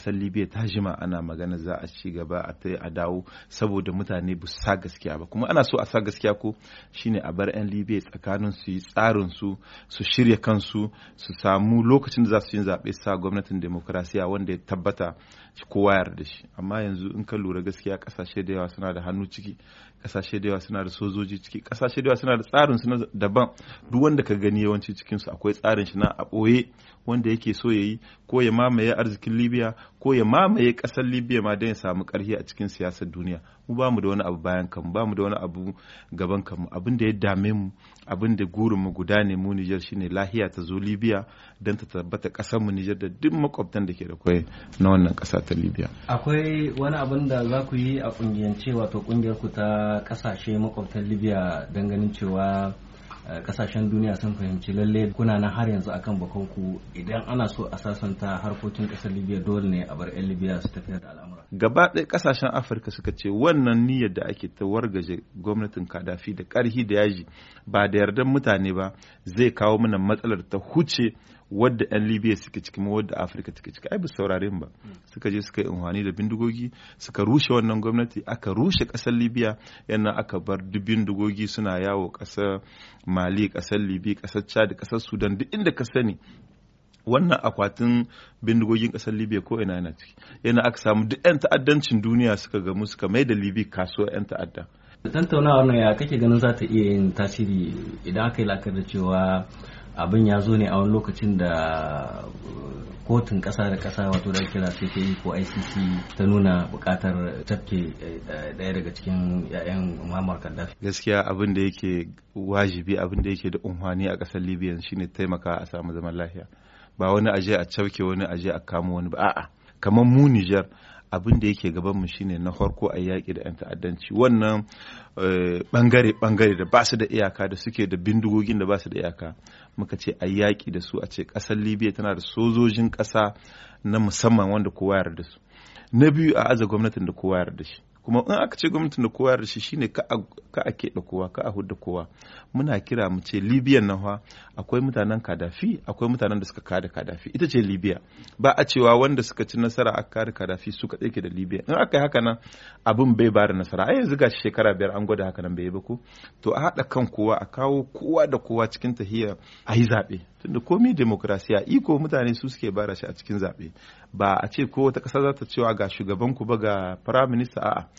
kasar libya ta jima ana magana za a ci gaba a ta a dawo saboda mutane ba sa gaskiya ba kuma ana so a sa gaskiya ko shine a bar yan libya tsakanin su yi tsarin su su shirya kansu su samu lokacin da za su yi zaɓe sa gwamnatin demokrasiya wanda ya tabbata kowa yarda da shi amma yanzu in ka lura gaskiya kasashe da yawa suna da hannu ciki kasashe da yawa suna da sojoji ciki kasashe da yawa suna da tsarin su daban duk wanda ka gani yawanci cikin su akwai tsarin shi na a ɓoye wanda yake so ya yi ko ya mamaye arzikin libya ko ya mamaye kasar libya ma don ya samu karhi a cikin siyasar duniya mu ba mu da wani abu bayan kan ba mu da wani abu gaban kanmu abin da ya dame mu abin da gurin mu guda ne mu nijar shine lahiya ta zo libya don ta tabbata kasar mu nijar da duk makwabtan da ke da kwai na wannan kasa ta libya akwai wani abin da za ku yi a ƙungiyance wato ƙungiyar ku ta kasashe makwabtan libya don ganin cewa kasashen duniya sun fahimci lalle kuna nan har yanzu akan bakonku idan ana so a sasanta harkokin kasar libya dole ne a bar 'yan libya su tafiya da al'amura gaba ɗaya kasashen afirka suka ce wannan niyyar da ake ta wargaje gwamnatin kadafi da ƙarhi da yaji ba da yardan mutane ba zai kawo mana matsalar ta huce wadda 'yan libya suke ciki ma wadda afirka take ciki ai ba saurare ba hmm. suka je suka yi da bindigogi suka rushe wannan gwamnati aka rushe kasar libya yana aka bar duk bindigogi suna yawo kasar mali kasar libya kasar chad kasar sudan duk inda ka sani wannan akwatin bindigogin kasar libya ko ina yana ciki yana aka samu duk 'yan ta'addancin duniya suka gamu suka mai da libya kasuwar 'yan ta'adda tattaunawar ya kake ganin za ta iya yin tasiri idan aka yi la'akari da cewa abin ya zo ne a wani lokacin da uh, kotun ƙasa da kasa wato da kira CPI e ko ICC ta nuna bukatar tafke daya eh, eh, daga cikin 'ya'yan muhammad Gaddafi. Gaskiya abin da yake wajibi abin da yake da umhani a ƙasar Libya shine taimaka a samu zaman lafiya. Ba wani aje a cafke wani aje a kamo wani ba a'a kamar mu Nijar abin da yake gabanmu shine na farko a yaƙi da 'yan ta'addanci wannan bangare-bangare eh, da ba su da iyaka da suke da bindigogin da ba su da iyaka muka ce a yaƙi da su a ce ƙasar libya tana da sojojin ƙasa na musamman wanda kowa yarda da su na biyu a aza gwamnatin da kowa yarda da shi kuma in aka ce gwamnatin da kowa da shi shine ka a keɓe kowa ka a hudda kowa muna kira mu ce libyan nan fa akwai mutanen kadafi akwai mutanen da suka kada kadafi ita ce libya ba a cewa wanda suka ci nasara aka kada kadafi su kaɗai ke da libya in aka yi haka nan abin bai ba da nasara a yanzu gashi shekara biyar an gwada haka nan bai yi ba ko to a haɗa kan kowa a kawo kowa da kowa cikin tahiyar a yi zaɓe tunda komi demokrasiya iko mutane su suke bara shi a cikin zaɓe ba a ce ko wata ƙasa za ta cewa ga shugaban ku ba ga firaminista a'a